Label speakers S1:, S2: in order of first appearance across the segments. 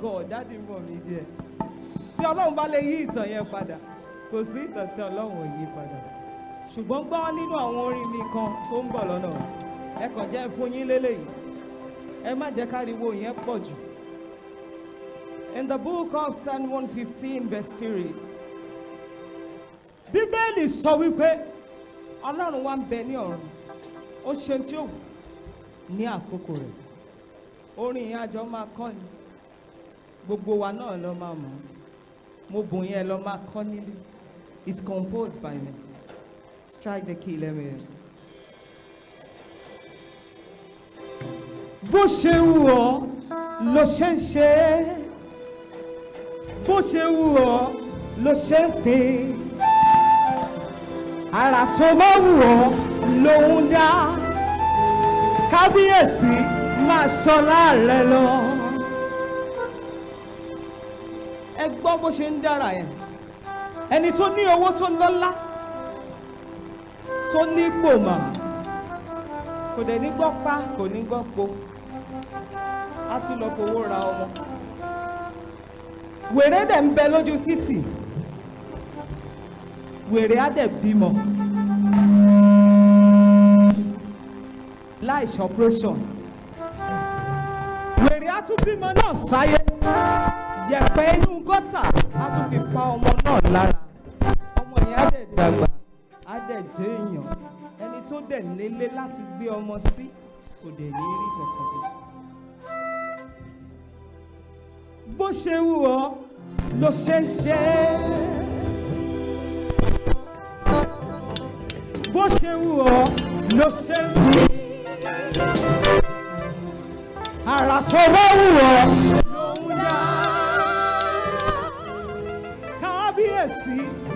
S1: God dáàdì ń bọ̀ mí díẹ̀ tí ọlọ́run bá lè yí ìtàn yẹn padà kò sí ìtàn tí ọlọ́run ò yí padà ṣùgbọ́n gbọ́ nínú àwọn orin mi kan tó ń bọ̀ lọ́nà ẹ kàn jẹ́ fún yín lélẹ́yìí ẹ má jẹ́ káriwo yẹn pọ̀ jù. In the book of Psalm 115 verse 3 Bíbélì sọ wípé ọlọ́run wá ń bẹ ní ọ̀run ó ṣe tí ó wù ní àkókò rẹ̀ orin yẹn àjọ máa kọ́ ni. gbogbo wa náà lọ máa mọ̀ mo bùn yẹn lọ máa kọ́ nílé it's composed by me strike the key lẹ́mi. bó ṣe wù ọ́ ló ṣe ń ṣe é bó ṣe wù ọ́ ló ṣe ń pè é àrà tó bá wù ọ́ lòun dá kábíyèsí máa ṣọlá rẹ lọ. gbọ́ bó ṣe ń dára yẹn ẹni tó ní owó tó lọ́lá tó ní gbòmà kò dẹ̀ ní gbọ́ pa kò ní gbọ́ po á tún lọ fowó ra ọmọ wèrè dẹ̀ ń bẹ lójú títì wèrè á dẹ̀ bímọ láìsí operation wèrè á tún bímọ náà sáyé yẹ̀pẹ̀ inú gọ́tà á tún fi pa ọmọ náà lára ọmọ yẹn á dẹ̀ dàgbà á dẹ̀ jẹ́ èèyàn ẹni tó dẹ̀ lélé láti gbé ọmọ sí kò dẹ̀ ní rí kankan bí. bó ṣe wù ọ́ ló ṣe ń ṣe é. bó ṣe wù ọ́ ló ṣe ń bí. àrà tó bá wù ọ́.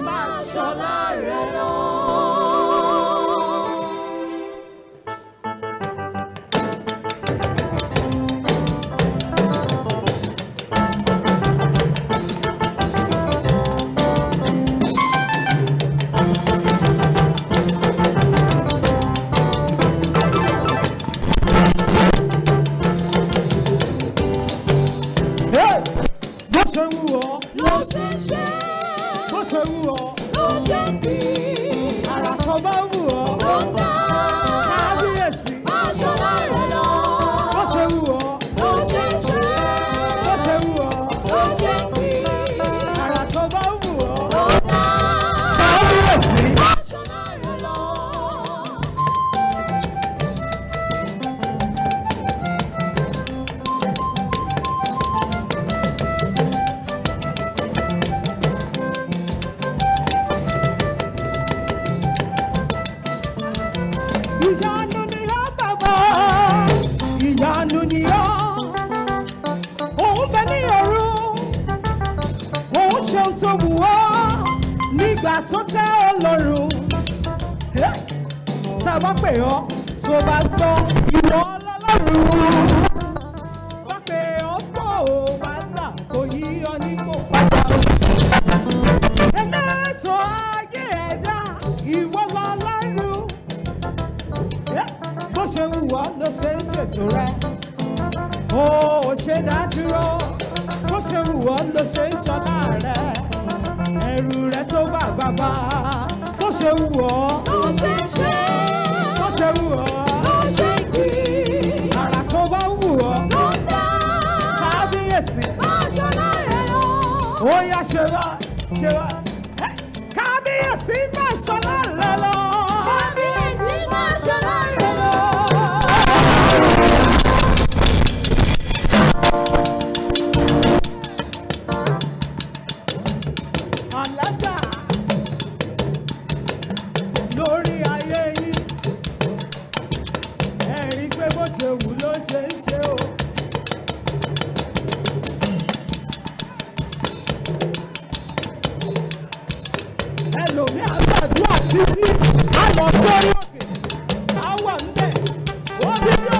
S1: máa ṣọlá ìyanu ni ó bàbá ìyanu ni ó òun bẹ ní ọ̀run òun ṣeun tó wù ọ́ nígbà tó tẹ́ ọ lọ́rùn tá a bá pè ọ́ tó bá gbọ́ ìwọ ọlọ́lọ́run. ètò rẹ o ò ṣe dádúró bó ṣe wù ọ́ ló ṣe ń ṣọlá rẹ ẹrù rẹ tó bá bàbá bó ṣe wù ọ́ ló ṣe ń ṣe bó ṣe wù ọ́ ló ṣe ń gbé àrà tó bá wù ọ́ ló dá kábíyèsí má ṣọlá rẹ lọ. ó yá ṣe wá ṣe wá.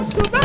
S1: Subang.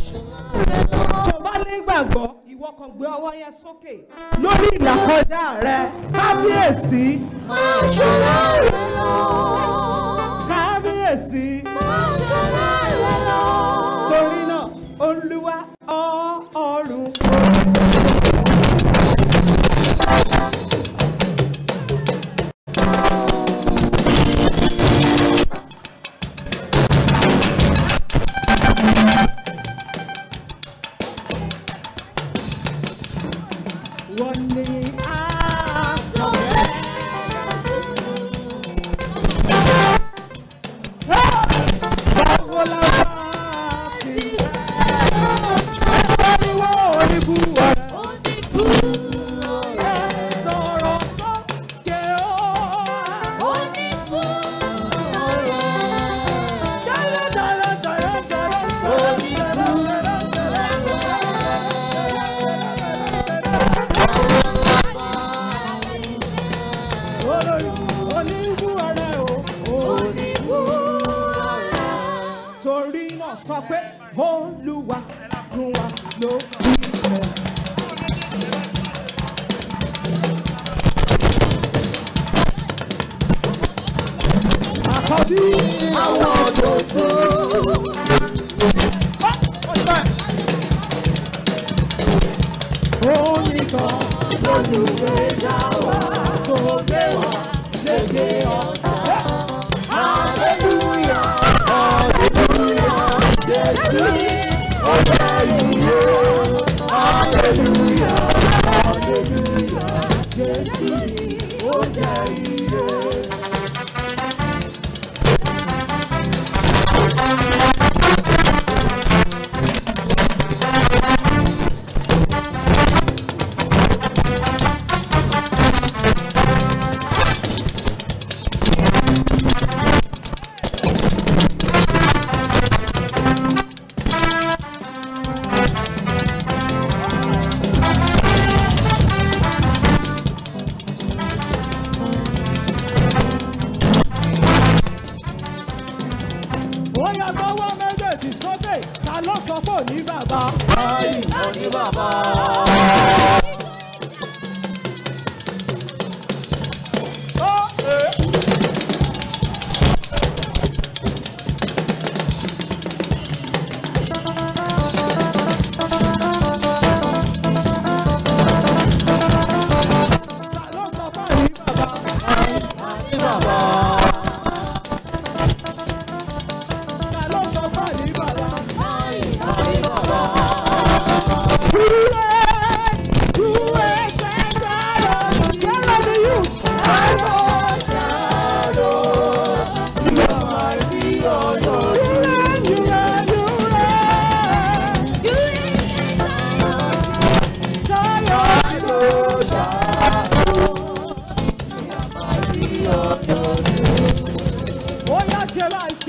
S1: tó bá ní gbàgbọ́ ìwọ kan gbé ọwọ́ yẹn sókè lórí ìlàkọjá rẹ kábíyèsí. máa ṣọlá rẹ lọ. kábíyèsí.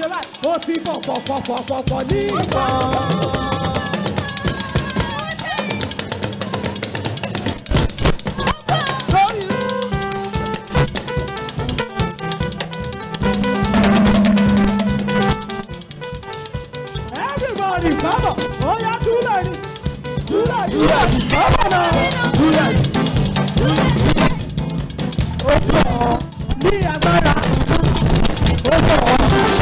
S1: ṣe báyìí ó ti pọ̀ pọ̀ pọ̀ pọ̀ pọ̀ pọ̀ ní ìbọn. ní agbára ó bọ̀ ọ́.